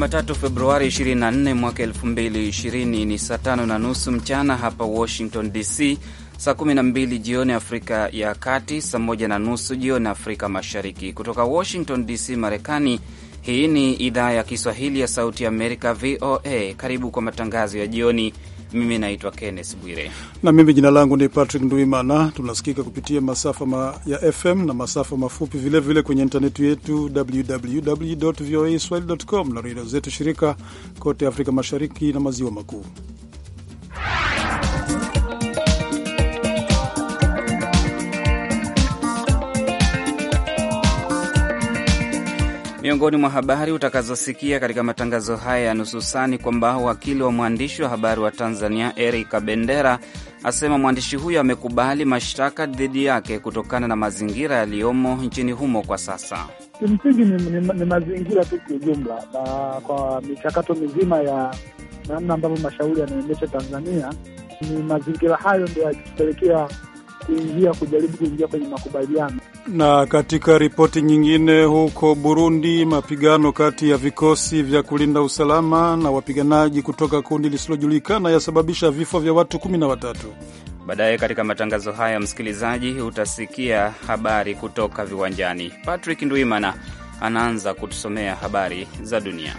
Jumatatu, Februari 24 mwaka 2020 ni saa tano na nusu mchana hapa Washington DC, saa 12 jioni Afrika ya Kati, saa moja na nusu jioni Afrika Mashariki. Kutoka Washington DC, Marekani, hii ni idhaa ya Kiswahili ya Sauti ya Amerika, VOA. Karibu kwa matangazo ya jioni. Mimi naitwa Kenneth Bwire na mimi jina langu ni Patrick Nduimana. Tunasikika kupitia masafa ma ya FM na masafa mafupi, vilevile vile kwenye intaneti yetu www voa swahili com na redio zetu shirika kote Afrika Mashariki na Maziwa Makuu. Miongoni mwa habari utakazosikia katika matangazo haya ya nusu saa ni kwamba wakili wa mwandishi wa habari wa Tanzania Eric Kabendera asema mwandishi huyo amekubali mashtaka dhidi yake kutokana na mazingira yaliyomo nchini humo kwa sasa. Kimsingi ni, ni, ni mazingira tu kiujumla, na kwa michakato mizima ya namna ambavyo mashauri yanaendesha Tanzania, ni mazingira hayo ndio yakipelekea kuingia kujaribu kuingia kwenye makubaliano. Na katika ripoti nyingine, huko Burundi, mapigano kati ya vikosi vya kulinda usalama na wapiganaji kutoka kundi lisilojulikana yasababisha vifo vya watu kumi na watatu. Baadaye katika matangazo haya, msikilizaji, utasikia habari kutoka viwanjani. Patrick Ndwimana anaanza kutusomea habari za dunia.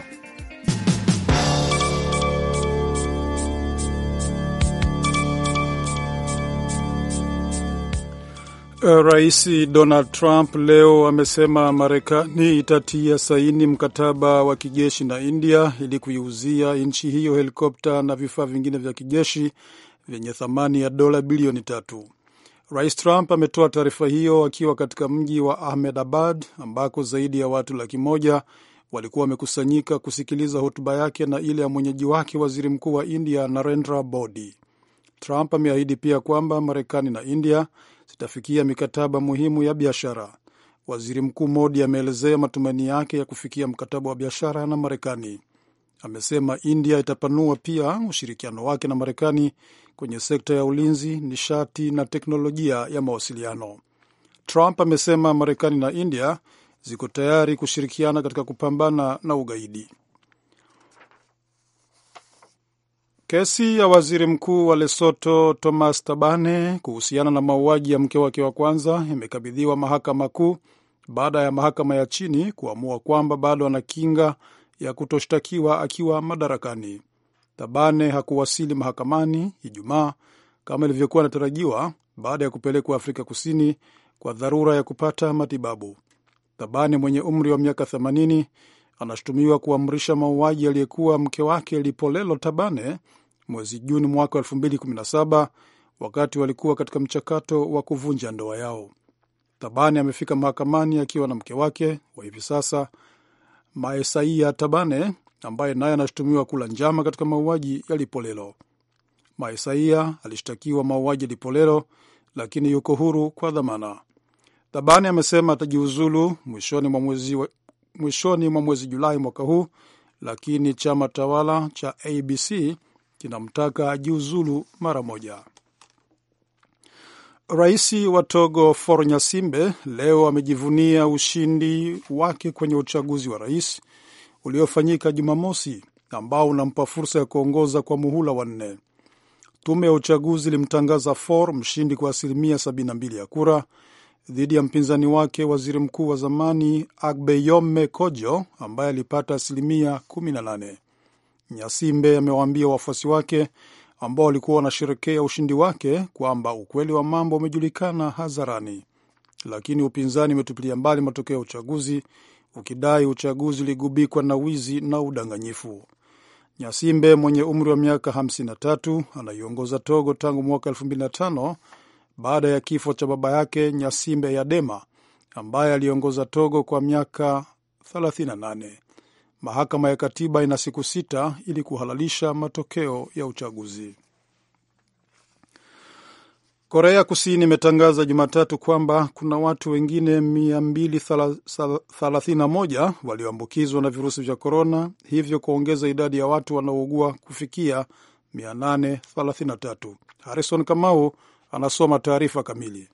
Eh, Rais Donald Trump leo amesema Marekani itatia saini mkataba wa kijeshi na India ili kuiuzia nchi hiyo helikopta na vifaa vingine vya kijeshi vyenye thamani ya dola bilioni tatu. Rais Trump ametoa taarifa hiyo akiwa katika mji wa Ahmedabad ambako zaidi ya watu laki moja walikuwa wamekusanyika kusikiliza hotuba yake na ile ya mwenyeji wake waziri mkuu wa India Narendra Modi. Trump ameahidi pia kwamba Marekani na India zitafikia mikataba muhimu ya biashara. Waziri Mkuu Modi ameelezea matumaini yake ya kufikia mkataba wa biashara na Marekani. Amesema India itapanua pia ushirikiano wake na Marekani kwenye sekta ya ulinzi, nishati na teknolojia ya mawasiliano. Trump amesema Marekani na India ziko tayari kushirikiana katika kupambana na ugaidi. Kesi ya waziri mkuu wa Lesoto Thomas Tabane kuhusiana na mauaji ya mke wake wa kwanza imekabidhiwa mahakama kuu baada ya mahakama ya chini kuamua kwamba bado ana kinga ya kutoshtakiwa akiwa madarakani. Tabane hakuwasili mahakamani Ijumaa kama ilivyokuwa inatarajiwa baada ya kupelekwa Afrika Kusini kwa dharura ya kupata matibabu. Tabane mwenye umri wa miaka 80 anashutumiwa kuamrisha mauaji aliyekuwa mke wake Lipolelo Tabane mwezi Juni mwaka 2017 wakati walikuwa katika mchakato wa kuvunja ndoa yao. Tabane amefika mahakamani akiwa na mke wake wa hivi sasa Maesaia Tabane ambaye naye anashutumiwa kula njama katika mauaji ya Lipolelo. Maesaia alishtakiwa mauaji ya Lipolelo lakini yuko huru kwa dhamana. Tabane amesema atajiuzulu mwishoni mwa mwezi wa mwishoni mwa mwezi Julai mwaka huu, lakini chama tawala cha ABC kinamtaka jiuzulu mara moja. Rais wa Togo Faure nyasimbe leo amejivunia ushindi wake kwenye uchaguzi wa rais uliofanyika Jumamosi ambao unampa fursa ya kuongoza kwa muhula wa nne. Tume ya uchaguzi ilimtangaza Faure mshindi kwa asilimia 72 ya kura dhidi ya mpinzani wake waziri mkuu wa zamani Agbeyome Kojo ambaye alipata asilimia 18. Nyasimbe amewaambia wafuasi wake ambao walikuwa wanasherekea ushindi wake kwamba ukweli wa mambo umejulikana hadharani, lakini upinzani umetupilia mbali matokeo ya uchaguzi ukidai uchaguzi uligubikwa na wizi na udanganyifu. Nyasimbe mwenye umri wa miaka 53 anaiongoza Togo tangu mwaka 2005 baada ya kifo cha baba yake Nyasimbe Yadema ambaye aliongoza Togo kwa miaka 38. Mahakama ya Katiba ina siku sita ili kuhalalisha matokeo ya uchaguzi. Korea Kusini imetangaza Jumatatu kwamba kuna watu wengine 231 walioambukizwa na virusi vya korona, hivyo kuongeza idadi ya watu wanaougua kufikia 833. Harrison Kamau anasoma taarifa kamili.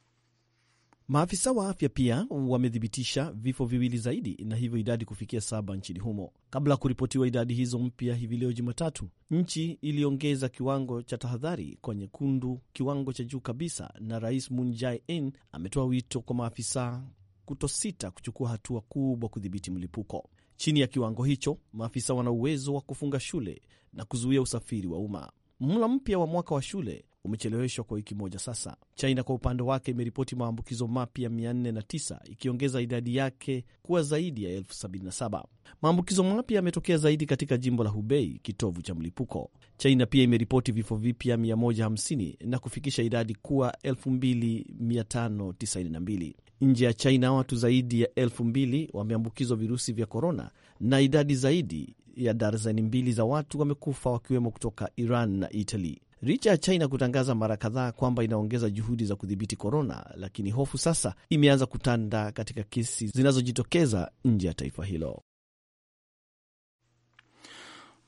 Maafisa wa afya pia wamethibitisha vifo viwili zaidi na hivyo idadi kufikia saba nchini humo. Kabla ya kuripotiwa idadi hizo mpya hivi leo Jumatatu, nchi iliongeza kiwango cha tahadhari kwa nyekundu, kiwango cha juu kabisa, na Rais Moon Jae-in ametoa wito kwa maafisa kutosita kuchukua hatua kubwa kudhibiti mlipuko. Chini ya kiwango hicho, maafisa wana uwezo wa kufunga shule na kuzuia usafiri wa umma. Mhula mpya wa mwaka wa shule umecheleweshwa kwa wiki moja sasa. China kwa upande wake imeripoti maambukizo mapya 409 ikiongeza idadi yake kuwa zaidi ya 77. Maambukizo mapya yametokea zaidi katika jimbo la Hubei, kitovu cha mlipuko. China pia imeripoti vifo vipya 150 na kufikisha idadi kuwa 2592. Nje ya China watu zaidi ya elfu mbili wameambukizwa virusi vya korona na idadi zaidi ya darzeni mbili za watu wamekufa wakiwemo kutoka Iran na Italy licha ya China kutangaza mara kadhaa kwamba inaongeza juhudi za kudhibiti korona, lakini hofu sasa imeanza kutanda katika kesi zinazojitokeza nje ya taifa hilo.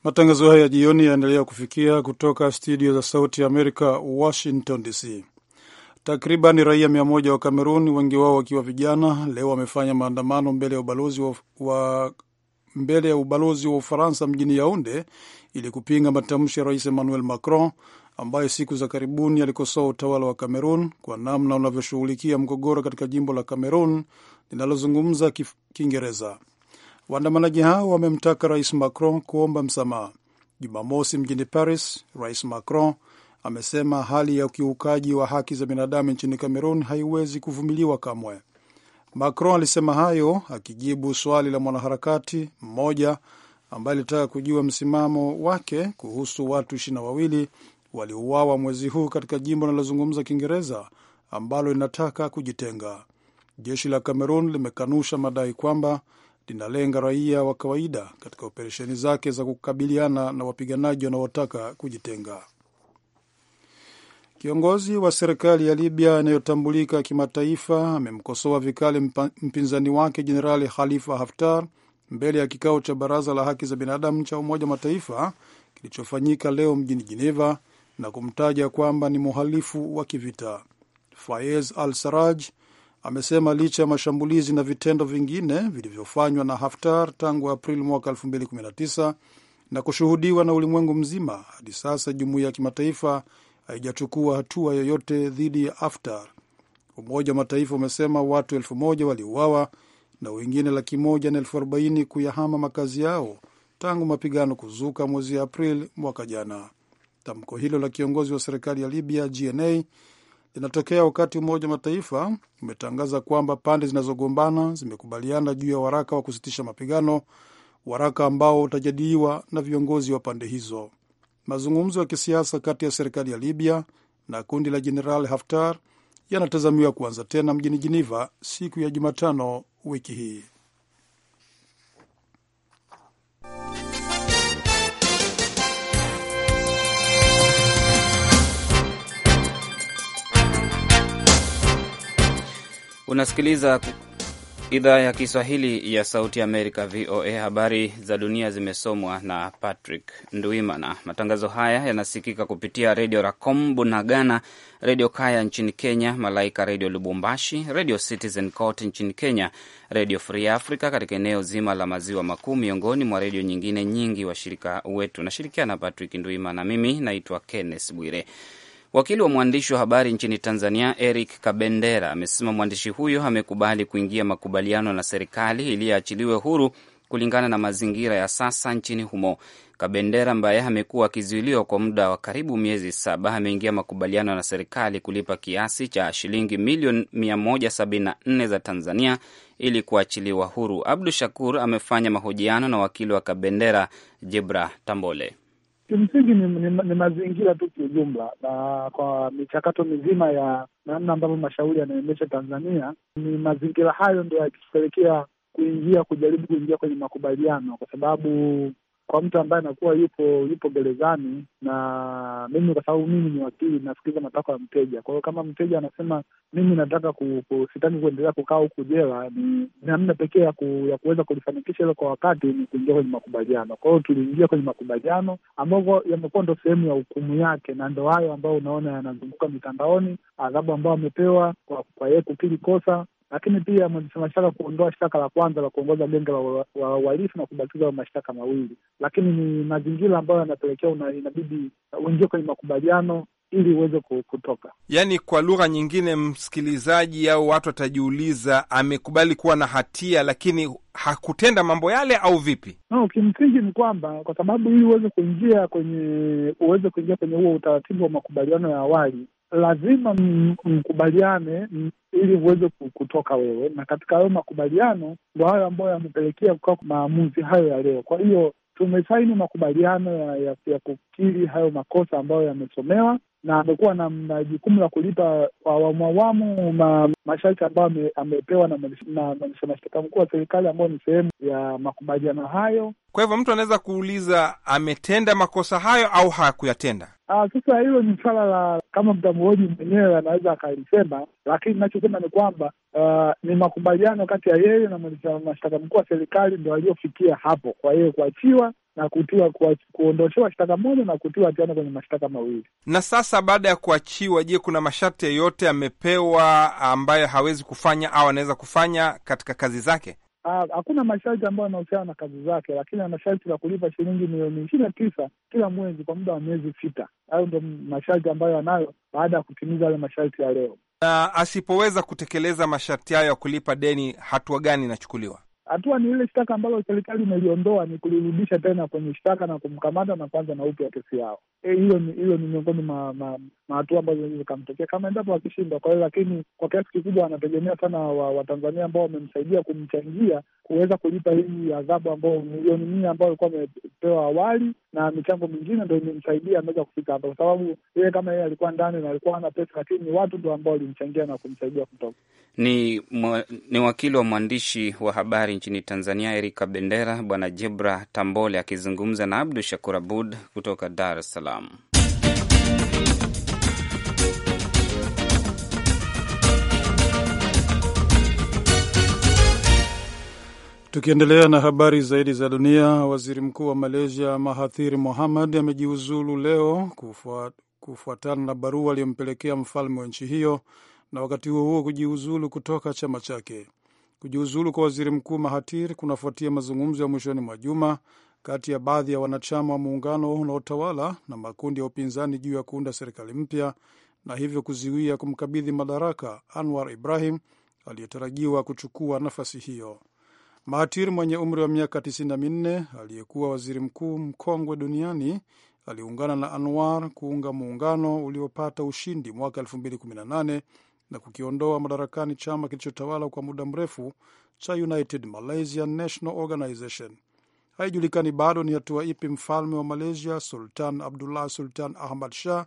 Matangazo haya ya jioni yaendelea kufikia kutoka studio za Sauti ya Amerika, Washington DC. Takriban raia mia moja wa Kamerun, wengi wao wakiwa vijana, leo wamefanya maandamano mbele ya ubalozi wa, wa mbele ya ubalozi wa Ufaransa mjini Yaunde ili kupinga matamshi ya Rais Emmanuel Macron ambaye siku za karibuni alikosoa utawala wa Cameroon kwa namna unavyoshughulikia mgogoro katika jimbo la Cameroon linalozungumza Kiingereza. Waandamanaji hao wamemtaka Rais Macron kuomba msamaha. Jumamosi mjini Paris, Rais Macron amesema hali ya ukiukaji wa haki za binadamu nchini Cameroon haiwezi kuvumiliwa kamwe. Macron alisema hayo akijibu swali la mwanaharakati mmoja ambaye alitaka kujua msimamo wake kuhusu watu ishirini na wawili waliuawa mwezi huu katika jimbo linalozungumza Kiingereza ambalo linataka kujitenga. Jeshi la Cameroon limekanusha madai kwamba linalenga raia wa kawaida katika operesheni zake za kukabiliana na wapiganaji wanaotaka kujitenga. Kiongozi wa serikali ya Libya inayotambulika kimataifa amemkosoa vikali mpinzani wake Jenerali Khalifa Haftar mbele ya kikao cha Baraza la Haki za Binadamu cha Umoja wa Mataifa kilichofanyika leo mjini jeneva na kumtaja kwamba ni mhalifu wa kivita. Fayez Al Saraj amesema licha ya mashambulizi na vitendo vingine vilivyofanywa na Haftar tangu Aprili mwaka 2019 na kushuhudiwa na ulimwengu mzima, hadi sasa jumuiya ya kimataifa haijachukua hatua yoyote dhidi ya Haftar. Umoja wa Mataifa umesema watu elfu moja waliuawa na wengine laki moja na elfu arobaini kuyahama makazi yao tangu mapigano kuzuka mwezi Aprili mwaka jana. Tamko hilo la kiongozi wa serikali ya Libya GNA linatokea wakati Umoja wa Mataifa umetangaza kwamba pande zinazogombana zimekubaliana juu ya waraka wa kusitisha mapigano, waraka ambao utajadiliwa na viongozi wa pande hizo. Mazungumzo ya kisiasa kati ya serikali ya Libya na kundi la Jeneral Haftar yanatazamiwa kuanza tena mjini Jiniva siku ya Jumatano wiki hii. Unasikiliza idhaa ya Kiswahili ya Sauti Amerika, VOA. Habari za dunia zimesomwa na Patrick Nduimana. Matangazo haya yanasikika kupitia Redio Racom Bunagana, Redio Kaya nchini Kenya, Malaika Redio Lubumbashi, Redio Citizen Court nchini Kenya, Redio Free Africa katika eneo zima la Maziwa Makuu, miongoni mwa redio nyingine nyingi washirika wetu. Nashirikiana Patrick Nduimana, mimi naitwa Kenneth Bwire. Wakili wa mwandishi wa habari nchini Tanzania Eric Kabendera amesema mwandishi huyo amekubali kuingia makubaliano na serikali ili aachiliwe huru kulingana na mazingira ya sasa nchini humo. Kabendera ambaye amekuwa akizuiliwa kwa muda wa karibu miezi saba ameingia makubaliano na serikali kulipa kiasi cha shilingi milioni 174 za Tanzania ili kuachiliwa huru. Abdu Shakur amefanya mahojiano na wakili wa Kabendera Jebra Tambole kimsingi ni, ni, ni mazingira tu kiujumla, na kwa michakato mizima ya namna ambavyo mashauri yanaendesha Tanzania, ni mazingira hayo ndio yakitupelekea kuingia kujaribu kuingia kwenye makubaliano, kwa sababu kwa mtu ambaye anakuwa yupo yupo gerezani, na mimi kwa sababu mimi ni wakili nasikiliza matakwa ya mteja. Kwa hiyo kama mteja anasema mimi nataka ku, ku, sitaki kuendelea kukaa huku jela, ni namna pekee ya, ku, ya kuweza kulifanikisha hilo kwa wakati ni kuingia kwenye makubaliano. Kwa hiyo tuliingia kwenye makubaliano ambayo yamekuwa ndo sehemu ya hukumu yake, na ndo hayo ambayo unaona yanazunguka mitandaoni, adhabu ambayo amepewa kwa yeye kukiri kosa lakini pia mwendesha mashtaka kuondoa shtaka la kwanza la kuongoza genge la uhalifu na kubakiza mashtaka mawili, lakini ni mazingira ambayo yanapelekea inabidi uingie kwenye makubaliano ili uweze kutoka. Yaani, kwa lugha nyingine, msikilizaji au watu watajiuliza, amekubali kuwa na hatia lakini hakutenda mambo yale au vipi? No, kimsingi ni kwamba kwa sababu ili uweze kuingia kwenye uweze kuingia kwenye huo utaratibu wa makubaliano ya awali lazima mkubaliane ili uweze kutoka wewe, na katika hayo makubaliano ndo hayo ambayo yamepelekea kukaa maamuzi hayo ya leo. Kwa hiyo tumesaini makubaliano ya, ya, ya kukiri hayo makosa ambayo yamesomewa na amekuwa na jukumu la kulipa kwa awamu awamu ma, masharti ambayo amepewa na mwendesha mashtaka mkuu wa serikali ambayo ni sehemu ya makubaliano hayo. Kwa hivyo mtu anaweza kuuliza ametenda makosa hayo au hakuyatenda. Ah, sasa hilo ni swala la kama mtamuoji mwenyewe anaweza akalisema, lakini inachosema ni kwamba uh, ni makubaliano kati ya yeye na mwendesha mashtaka mkuu wa serikali ndo aliyofikia hapo. Kwa hiyo kuachiwa na kutiwa kuondoshewa shtaka moja na kutiwa hatiani kwenye mashtaka mawili. Na sasa baada ya kuachiwa, je, kuna masharti yeyote amepewa ambayo hawezi kufanya au anaweza kufanya katika kazi zake? Hakuna masharti ambayo anahusiana na kazi zake, lakini ana sharti la kulipa shilingi milioni ishirini na tisa kila mwezi kwa muda wa miezi sita. Hayo ndo masharti ambayo anayo baada ya kutimiza yale masharti ya leo. Na asipoweza kutekeleza masharti hayo ya kulipa deni, hatua gani inachukuliwa? Hatua ni ile shtaka ambalo serikali imeliondoa ni kulirudisha tena kwenye shtaka na kumkamata na kwanza na upya kesi yao. Eh, hiyo e, ni, ni miongoni mwa ma, hatua ambazo zikamtokea kama endapo wakishindwa. Kwa hiyo lakini kwa kiasi kikubwa wanategemea sana Watanzania wa ambao wamemsaidia kumchangia kuweza kulipa hii adhabu ambao milioni mia ambayo alikuwa amepewa awali na michango mingine ndo imemsaidia ameweza kufika hapa, kwa sababu yeye kama yeye alikuwa ndani na alikuwa ana pesa, lakini ni watu ndo ambao walimchangia na kumsaidia kutoka. Ni, ni wakili wa mwandishi wa habari nchini Tanzania, Erika Bendera, Bwana Jebra Tambole akizungumza na Abdu Shakur Abud kutoka Dar es Salaam. Tukiendelea na habari zaidi za dunia, waziri mkuu wa Malaysia Mahathir Mohamad amejiuzulu leo kufuatana na barua aliyompelekea mfalme wa nchi hiyo, na wakati huo huo kujiuzulu kutoka chama chake. Kujiuzulu kwa waziri mkuu Mahatir kunafuatia mazungumzo ya mwishoni mwa juma kati ya baadhi ya wanachama wa muungano unaotawala na makundi ya upinzani juu ya kuunda serikali mpya na hivyo kuziwia kumkabidhi madaraka Anwar Ibrahim aliyetarajiwa kuchukua nafasi hiyo. Mahatir mwenye umri wa miaka 94 aliyekuwa waziri mkuu mkongwe duniani aliungana na Anwar kuunga muungano uliopata ushindi mwaka na kukiondoa madarakani chama kilichotawala kwa muda mrefu cha United malaysia National Organization. Haijulikani bado ni hatua ipi mfalme wa Malaysia Sultan Abdullah Sultan Ahmad Shah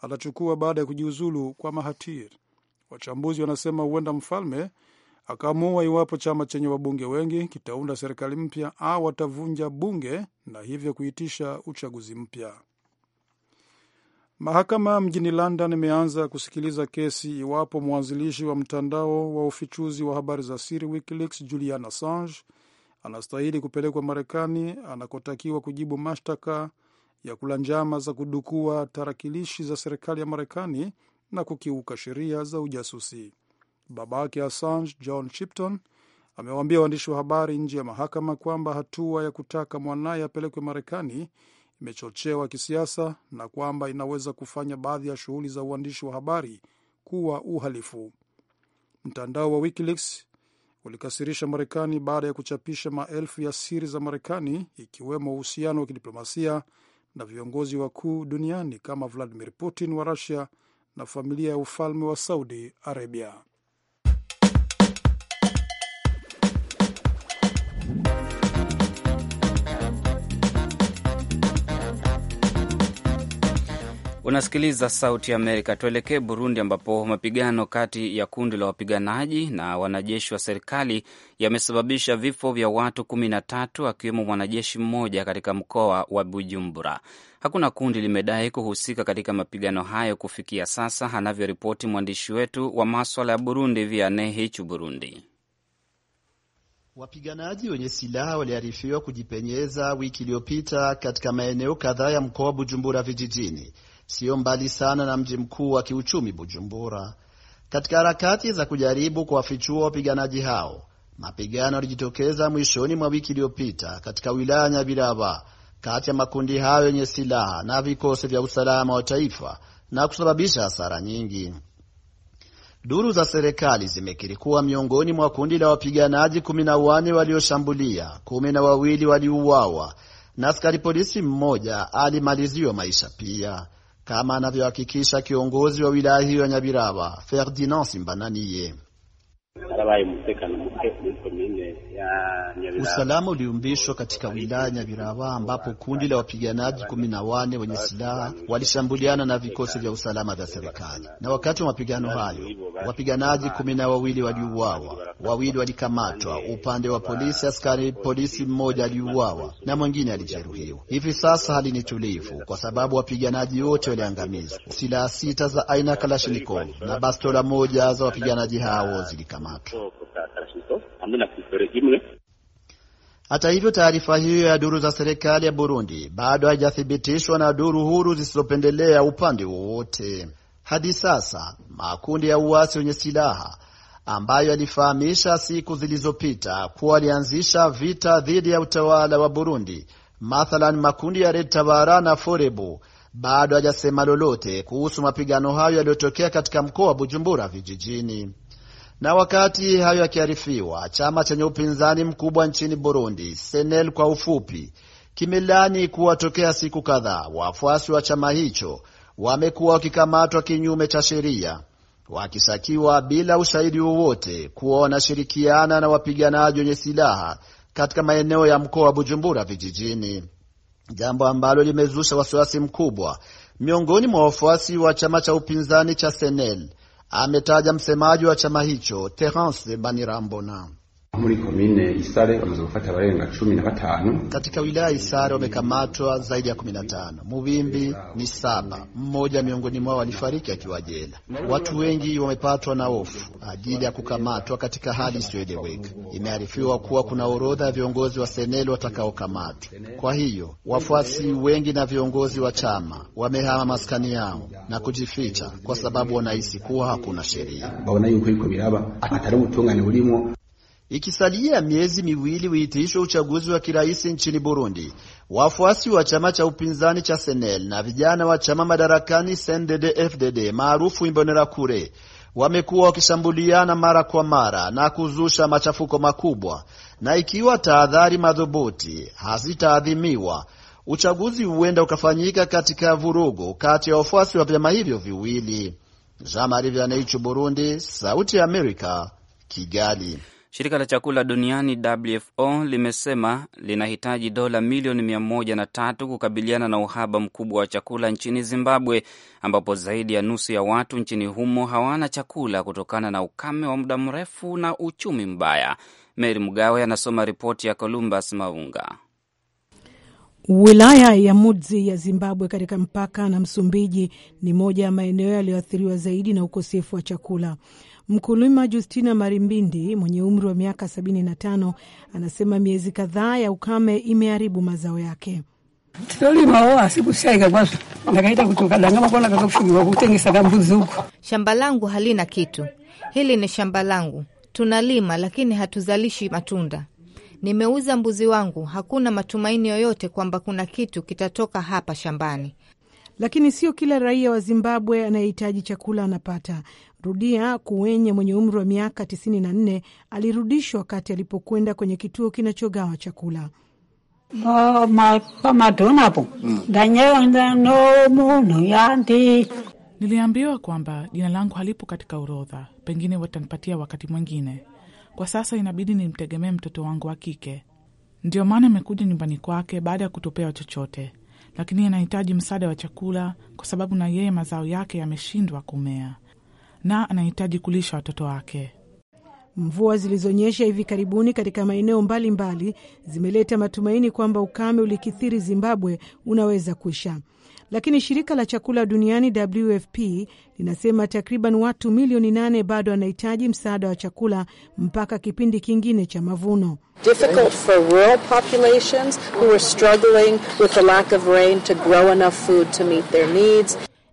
atachukua baada ya kujiuzulu kwa Mahathir. Wachambuzi wanasema huenda mfalme akaamua iwapo chama chenye wabunge wengi kitaunda serikali mpya au atavunja bunge na hivyo kuitisha uchaguzi mpya. Mahakama mjini London imeanza kusikiliza kesi iwapo mwanzilishi wa mtandao wa ufichuzi wa habari za siri WikiLeaks Julian Assange anastahili kupelekwa Marekani anakotakiwa kujibu mashtaka ya kula njama za kudukua tarakilishi za serikali ya Marekani na kukiuka sheria za ujasusi. Babake Assange, John chipton amewaambia waandishi wa habari nje ya mahakama kwamba hatua ya kutaka mwanaye apelekwe Marekani imechochewa kisiasa na kwamba inaweza kufanya baadhi ya shughuli za uandishi wa habari kuwa uhalifu. Mtandao wa WikiLeaks ulikasirisha Marekani baada ya kuchapisha maelfu ya siri za Marekani, ikiwemo uhusiano wa kidiplomasia na viongozi wakuu duniani kama Vladimir Putin wa Rusia na familia ya ufalme wa Saudi Arabia. Unasikiliza Sauti ya Amerika. Tuelekee Burundi, ambapo mapigano kati ya kundi la wapiganaji na wanajeshi wa serikali yamesababisha vifo vya watu kumi na tatu akiwemo mwanajeshi mmoja katika mkoa wa Bujumbura. Hakuna kundi limedai kuhusika katika mapigano hayo kufikia sasa, anavyoripoti mwandishi wetu wa maswala ya Burundi, Vianney Hichu, Burundi. Wapiganaji wenye silaha waliarifiwa kujipenyeza wiki iliyopita katika maeneo kadhaa ya mkoa wa Bujumbura vijijini sio mbali sana na mji mkuu wa kiuchumi Bujumbura. Katika harakati za kujaribu kuwafichua wapiganaji hao, mapigano yalijitokeza mwishoni mwa wiki iliyopita katika wilaya Nyabiraba kati ya makundi hayo yenye silaha na vikosi vya usalama wa taifa na kusababisha hasara nyingi. Duru za serikali zimekiri kuwa miongoni mwa kundi la wapiganaji kumi na wane walioshambulia, kumi na wawili waliuawa na askari polisi mmoja alimaliziwa maisha pia kama anavyohakikisha kiongozi wa wilaya hiyo ya Nyabiraba Ferdinand Simbananiye. Usalama uliumbishwa katika wilaya Nyabiraba ambapo kundi la wapiganaji kumi na wane wenye silaha walishambuliana na vikosi vya usalama vya serikali, na wakati wa mapigano hayo wapiganaji kumi na wawili waliuawa, wawili walikamatwa upande wa polisi. Askari polisi mmoja aliuawa na mwingine alijeruhiwa. Hivi sasa hali ni tulivu kwa sababu wapiganaji wote waliangamizwa. Silaha sita za aina ya Kalashnikov na bastola moja za wapiganaji hao zilikamatwa na kufereki mle. Hata hivyo taarifa hiyo ya duru za serikali ya Burundi bado haijathibitishwa na duru huru zisizopendelea upande wowote. Hadi sasa makundi ya uasi wenye silaha ambayo yalifahamisha siku zilizopita kuwa alianzisha vita dhidi ya utawala wa Burundi, mathalan makundi ya Red Tabara na Forebu, bado hajasema lolote kuhusu mapigano hayo yaliyotokea katika mkoa wa Bujumbura vijijini. Na wakati hayo yakiarifiwa, chama chenye upinzani mkubwa nchini Burundi, Senel kwa ufupi, kimelani kuwatokea siku kadhaa wafuasi wa chama hicho wamekuwa wakikamatwa kinyume cha sheria wakishakiwa bila ushahidi wowote kuwa wanashirikiana na wapiganaji wenye silaha katika maeneo ya mkoa wa Bujumbura vijijini, jambo ambalo limezusha wasiwasi mkubwa miongoni mwa wafuasi wa chama cha upinzani cha Senel ametaja msemaji wa chama hicho Terence Banirambona. Muri komine Isare bamaze gufata abarenga cumi na batanu. Katika wilaya Isare wamekamatwa zaidi ya kumi na tano. Muvimbi ni saba, mmoja miongoni mwao alifariki akiwa jela. Watu wengi wamepatwa na hofu ajili ya kukamatwa katika hali isiyoeleweka. Imearifiwa kuwa kuna orodha ya viongozi wa Senel watakaokamatwa. Kwa hiyo wafuasi wengi na viongozi wa chama wamehama maskani yao na kujificha kwa sababu wanahisi kuwa hakuna sheria. babona yuko yuko biraba atari ubutungane burimo Ikisalia miezi miwili uitishe uchaguzi wa kiraisi nchini Burundi, wafuasi wa chama cha upinzani cha Senel na vijana wa chama madarakani CNDD-FDD maarufu Imbonerakure wamekuwa wakishambuliana mara kwa mara na kuzusha machafuko makubwa, na ikiwa tahadhari madhubuti hazitaadhimiwa, uchaguzi huenda ukafanyika katika vurugu kati ya wafuasi wa vyama hivyo viwili. Jean Marie Vianney, Burundi, Sauti ya Amerika, Kigali. Shirika la chakula duniani WFO limesema linahitaji dola milioni mia moja na tatu kukabiliana na uhaba mkubwa wa chakula nchini Zimbabwe, ambapo zaidi ya nusu ya watu nchini humo hawana chakula kutokana na ukame wa muda mrefu na uchumi mbaya. Mary Mgawe anasoma ripoti ya Columbus Maunga. Wilaya ya Mudzi ya Zimbabwe katika mpaka na Msumbiji ni moja ya maeneo yaliyoathiriwa zaidi na ukosefu wa chakula. Mkulima Justina Marimbindi mwenye umri wa miaka 75 anasema miezi kadhaa ya ukame imeharibu mazao yake. Shamba langu halina kitu, hili ni shamba langu, tunalima lakini hatuzalishi matunda. Nimeuza mbuzi wangu, hakuna matumaini yoyote kwamba kuna kitu kitatoka hapa shambani lakini sio kila raia wa Zimbabwe anayehitaji chakula anapata. Rudia kuwenye mwenye umri wa miaka 94 alirudishwa wakati alipokwenda kwenye kituo kinachogawa chakula. Mm. no yandi Niliambiwa kwamba jina langu halipo katika orodha, pengine watanipatia wakati mwingine. Kwa sasa inabidi nimtegemee mtoto wangu wa kike, ndio maana amekuja nyumbani kwake baada ya kutopewa chochote lakini anahitaji msaada wa chakula kwa sababu na yeye mazao yake yameshindwa kumea na anahitaji kulisha watoto wake. Mvua zilizonyesha hivi karibuni katika maeneo mbalimbali zimeleta matumaini kwamba ukame ulikithiri Zimbabwe unaweza kuisha, lakini shirika la chakula duniani WFP linasema takriban watu milioni nane bado wanahitaji msaada wa chakula mpaka kipindi kingine cha mavuno.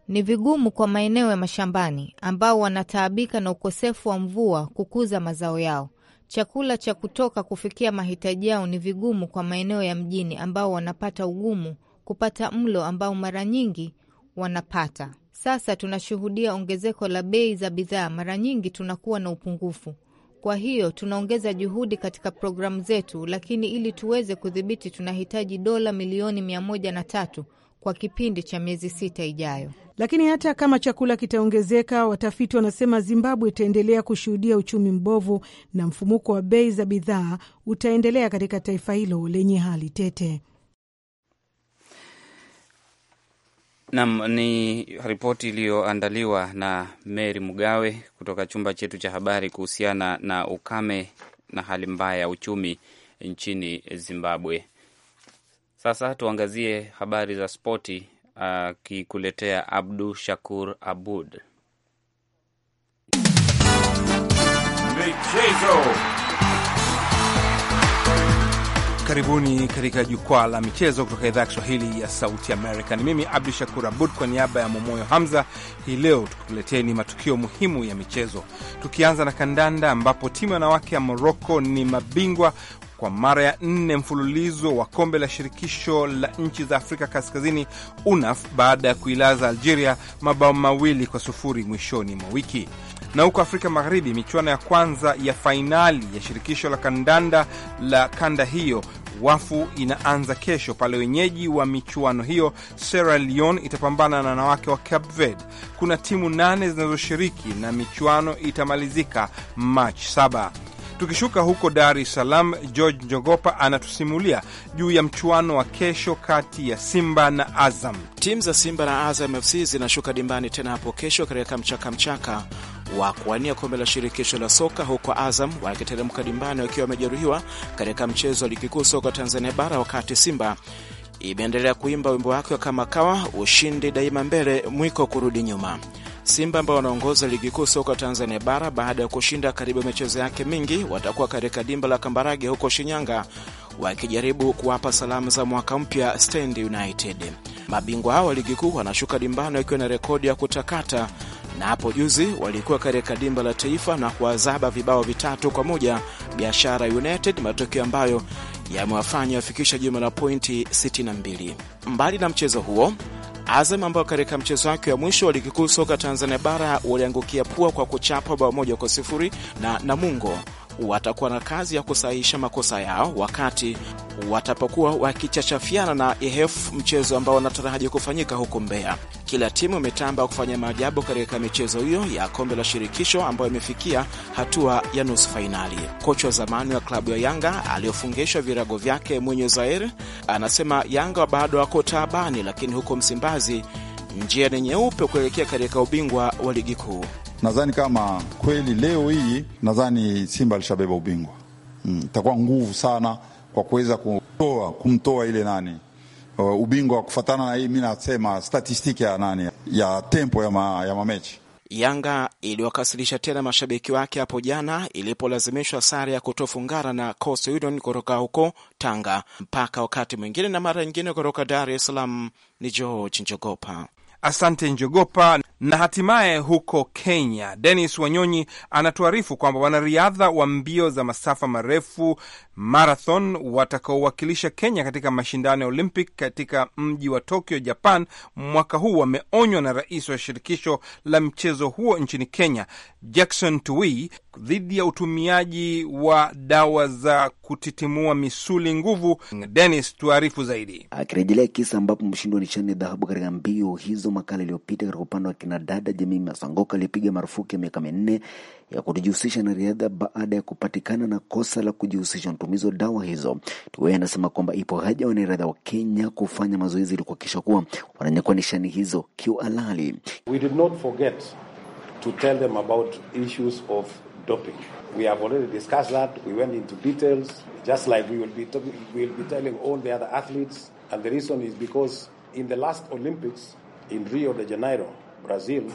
Ni vigumu kwa maeneo ya mashambani ambao wanataabika na ukosefu wa mvua kukuza mazao yao. Chakula cha kutoka kufikia mahitaji yao ni vigumu kwa maeneo ya mjini ambao wanapata ugumu kupata mlo ambao mara nyingi wanapata. Sasa tunashuhudia ongezeko la bei za bidhaa, mara nyingi tunakuwa na upungufu. Kwa hiyo tunaongeza juhudi katika programu zetu, lakini ili tuweze kudhibiti, tunahitaji dola milioni mia moja na tatu kwa kipindi cha miezi sita ijayo. Lakini hata kama chakula kitaongezeka, watafiti wanasema Zimbabwe itaendelea kushuhudia uchumi mbovu na mfumuko wa bei za bidhaa utaendelea katika taifa hilo lenye hali tete. Nam, ni ripoti iliyoandaliwa na Mary Mugawe kutoka chumba chetu cha habari kuhusiana na ukame na hali mbaya ya uchumi nchini Zimbabwe. Sasa tuangazie habari za spoti, akikuletea uh, Abdu Shakur Abud michezo. Karibuni katika jukwaa la michezo kutoka idhaa ya Kiswahili ya Sauti Amerika. Ni mimi Abdu Shakur Abud kwa niaba ya Momoyo Hamza. Hii leo ni matukio muhimu ya michezo, tukianza na kandanda ambapo timu ya wanawake ya Moroko ni mabingwa kwa mara ya nne mfululizo wa kombe la shirikisho la nchi za Afrika Kaskazini UNAF baada ya kuilaza Algeria mabao mawili kwa sufuri mwishoni mwa wiki. Na huko Afrika Magharibi, michuano ya kwanza ya fainali ya shirikisho la kandanda la kanda hiyo wafu inaanza kesho pale wenyeji wa michuano hiyo Sierra Leone itapambana na wanawake wa Cape Verde. Kuna timu nane zinazoshiriki na michuano itamalizika Machi saba. Tukishuka huko Dar es Salaam, George Njogopa anatusimulia juu ya mchuano wa kesho kati ya Simba na Azam. Timu za Simba na Azam FC zinashuka dimbani tena hapo kesho katika mchaka wa kuwania kombe la shirikisho la soka huko Azam wakiteremka dimbani wakiwa wamejeruhiwa katika mchezo wa ligi kuu soka Tanzania Bara, wakati Simba imeendelea kuimba wimbo wake wa kama kawa, ushindi daima mbele, mwiko kurudi nyuma. Simba ambao wanaongoza ligi kuu soka Tanzania bara baada ya kushinda karibu michezo yake mingi, watakuwa katika dimba la Kambarage huko Shinyanga wakijaribu kuwapa salamu za mwaka mpya Stand United. Mabingwa hao wa ligi kuu wanashuka dimbani wakiwa na rekodi ya kutakata, na hapo juzi walikuwa katika dimba la taifa na kuwazaba vibao vitatu kwa moja Biashara United, matokeo ambayo yamewafanya wafikisha jumla la pointi 62. Mbali na mchezo huo Azam ambao katika mchezo wake wa mwisho wa ligi kuu soka Tanzania bara waliangukia pua kwa kuchapa bao moja kwa sifuri na Namungo watakuwa na kazi ya kusahihisha makosa yao wakati watapokuwa wakichachafiana na EHF, mchezo ambao wanataraji kufanyika huko Mbeya. Kila timu imetamba kufanya maajabu katika michezo hiyo ya kombe la shirikisho ambayo imefikia hatua ya nusu fainali. Kocha wa zamani wa klabu ya Yanga aliyofungishwa virago vyake mwenye Zaire anasema Yanga bado wako taabani, lakini huko Msimbazi njia ni nyeupe kuelekea katika ubingwa wa ligi kuu. Nadhani kama kweli leo hii, nadhani Simba alishabeba ubingwa. Mm, itakuwa mm, nguvu sana kwa kuweza kutoa kumtoa ile nani uh, ubingwa wa kufatana na hii, mi nasema statistiki ya nani ya tempo ya, ma, ya mamechi Yanga iliwakasirisha tena mashabiki wake hapo jana ilipolazimishwa sare ya kutofungana na Coastal Union kutoka huko Tanga. Mpaka wakati mwingine na mara nyingine, kutoka Dar es Salaam ni George Njogopa. Asante Njogopa. Na hatimaye huko Kenya, Denis Wanyonyi anatuarifu kwamba wanariadha wa mbio za masafa marefu marathon watakaowakilisha Kenya katika mashindano ya Olympic katika mji wa Tokyo, Japan, mwaka huu wameonywa na rais wa shirikisho la mchezo huo nchini Kenya, Jackson Tuwii, dhidi ya utumiaji wa dawa za kutitimua misuli nguvu. Denis, tuarifu zaidi. Akirejelea kisa ambapo mshindi wa nishani ya dhahabu katika mbio hizo makala iliyopita katika upande wa kina dada Jemima Masangoka alipiga marufuku ya miaka minne ya kutojihusisha na riadha baada ya kupatikana na kosa la kujihusisha utumizi wa dawa hizo. Tuwe anasema kwamba ipo haja wanariadha wa Kenya kufanya mazoezi ili kuhakikisha kuwa wananyakua nishani hizo kiuhalali. We did not forget to tell them about issues of doping. We have already discussed that. We went into details, just like we will be, talking, we will be telling all the other athletes. And the reason is because in the last Olympics in Rio de Janeiro, Brazil,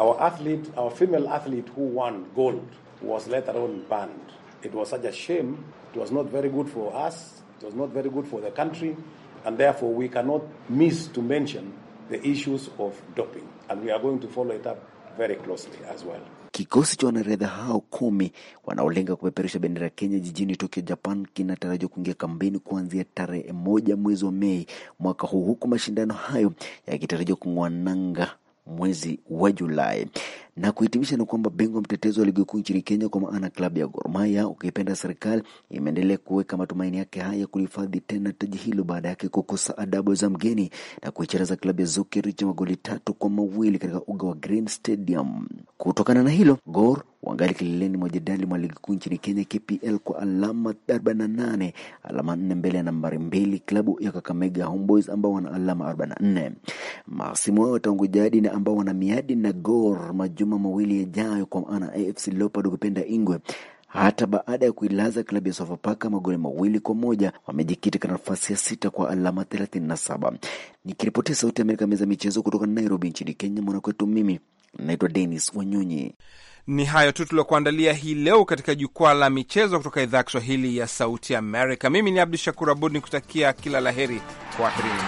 our athlete, our female athlete who won gold was later on banned. It was such a shame. It was not very good for us. It was not very good for the country. And therefore, we cannot miss to mention the issues of doping. And we are going to follow it up very closely as well. Kikosi cha wanariadha hao kumi wanaolenga kupeperusha bendera ya Kenya jijini Tokyo, Japan kinatarajiwa kuingia kambini kuanzia tarehe moja mwezi wa Mei mwaka huu, huku mashindano hayo yakitarajiwa nanga mwezi wa Julai. Na kuhitimisha ni kwamba bingwa mtetezi wa ligi kuu nchini Kenya kwa maana klabu ya Gor Mahia ukiipenda serikali imeendelea kuweka matumaini yake haya kulihifadhi tena taji hilo baada yake kukosa adabu za mgeni na kuicharaza klabu ya Zukirich magoli tatu kwa mawili katika uga wa Green Stadium. Kutokana na hilo, Gor wangali kileleni mwa jedali mwa ligi kuu nchini Kenya KPL kwa alama 48, alama 4 mbele ya nambari mbili klabu ya Kakamega Homeboys ambao wana alama 44. Mahasimu wao tangu jadi na ambao wana miadi na Gor majuma mawili yajayo, kwa maana AFC Leopards ukipenda Ingwe hata baada ya kuilaza klabu ya Sofapaka magoli mawili kwa moja wamejikita katika nafasi ya sita kwa alama 37. Nikiripotia Sauti ya Amerika, meza michezo kutoka Nairobi nchini Kenya, mwanakwetu mimi naitwa Dennis Wanyonyi. Ni hayo tu tuliokuandalia hii leo katika jukwaa la michezo kutoka idhaa ya Kiswahili ya Sauti Amerika. Mimi ni Abdu Shakur Abud ni kutakia kila laheri heri, kwaherini.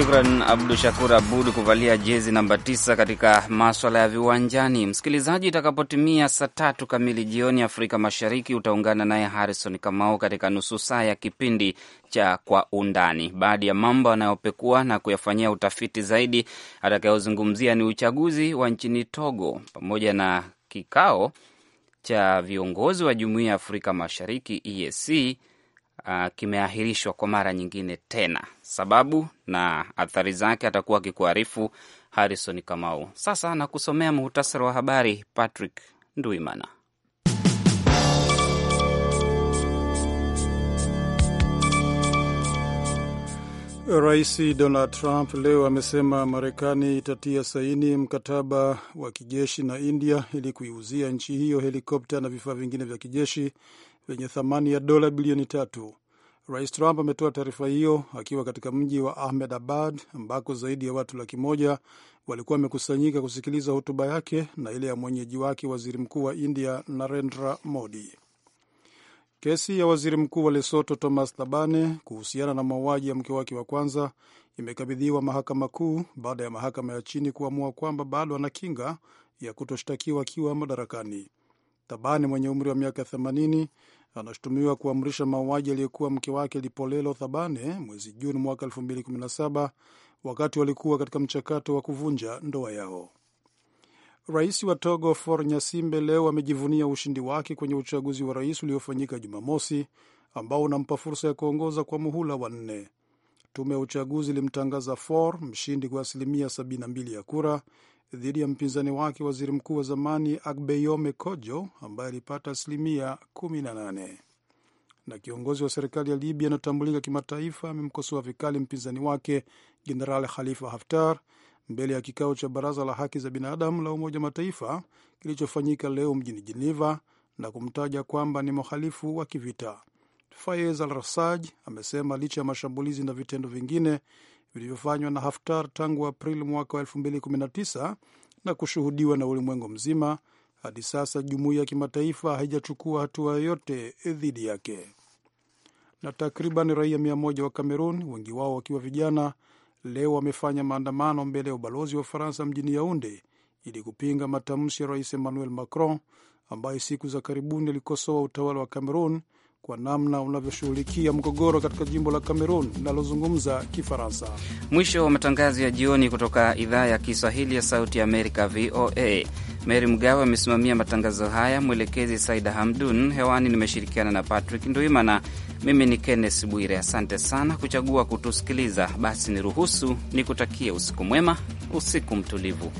Shukran Abdu Shakur Abud kuvalia jezi namba tisa katika maswala ya viwanjani. Msikilizaji, itakapotimia saa tatu kamili jioni Afrika Mashariki, utaungana naye Harrison Kamau katika nusu saa ya kipindi cha Kwa Undani. Baadhi ya mambo anayopekua na kuyafanyia utafiti zaidi atakayozungumzia ni uchaguzi wa nchini Togo pamoja na kikao cha viongozi wa Jumuiya ya Afrika Mashariki, EAC uh, kimeahirishwa kwa mara nyingine tena. Sababu na athari zake atakuwa akikuarifu Harrison Kamau. Sasa nakusomea muhtasari wa habari, Patrick Nduimana. Rais Donald Trump leo amesema Marekani itatia saini mkataba wa kijeshi na India ili kuiuzia nchi hiyo helikopta na vifaa vingine vya kijeshi lenye thamani ya dola bilioni tatu. Rais Trump ametoa taarifa hiyo akiwa katika mji wa Ahmed Abad ambako zaidi ya watu laki moja walikuwa wamekusanyika kusikiliza hotuba yake na ile ya mwenyeji wake waziri mkuu wa India Narendra Modi. Kesi ya waziri mkuu wa Lesoto Thomas Thabane kuhusiana na mauaji ya mke wake wa kwanza imekabidhiwa mahakama kuu baada ya mahakama ya chini kuamua kwamba bado ana kinga ya kutoshtakiwa akiwa madarakani. Thabane mwenye umri wa miaka anashutumiwa kuamrisha mauaji aliyekuwa mke wake Lipolelo Thabane mwezi Juni mwaka 2017 wakati walikuwa katika mchakato wa kuvunja ndoa yao. Rais wa Togo For Nyasimbe leo amejivunia ushindi wake kwenye uchaguzi wa rais uliofanyika Jumamosi ambao unampa fursa ya kuongoza kwa muhula wa nne. Tume ya uchaguzi ilimtangaza For mshindi kwa asilimia 72 ya kura dhidi ya mpinzani wake waziri mkuu wa zamani Agbeyome Kojo ambaye alipata asilimia 18. Na kiongozi wa serikali ya Libya anatambulika kimataifa amemkosoa vikali mpinzani wake Jenerali Khalifa Haftar mbele ya kikao cha Baraza la Haki za Binadamu la Umoja Mataifa kilichofanyika leo mjini Jeneva na kumtaja kwamba ni mhalifu wa kivita. Fayez Al Rasaj amesema licha ya mashambulizi na vitendo vingine vilivyofanywa na Haftar tangu Aprili mwaka wa 2019 na kushuhudiwa na ulimwengu mzima. Hadi sasa jumuiya ya kimataifa haijachukua hatua yoyote dhidi yake. Na takriban raia mia moja wa Kamerun, wengi wao wakiwa vijana, leo wamefanya maandamano mbele ya ubalozi wa Ufaransa mjini Yaunde ili kupinga matamshi ya Rais Emmanuel Macron ambaye siku za karibuni alikosoa utawala wa Kamerun kwa namna unavyoshughulikia mgogoro katika jimbo la Kamerun linalozungumza Kifaransa. Mwisho wa matangazo ya jioni kutoka idhaa ya Kiswahili ya Sauti ya Amerika, VOA. Meri Mgawe amesimamia matangazo haya, mwelekezi Saida Hamdun. Hewani nimeshirikiana na Patrick Nduimana. Mimi ni Kenneth Bwire. Asante sana kuchagua kutusikiliza. Basi niruhusu nikutakie usiku mwema, usiku mtulivu.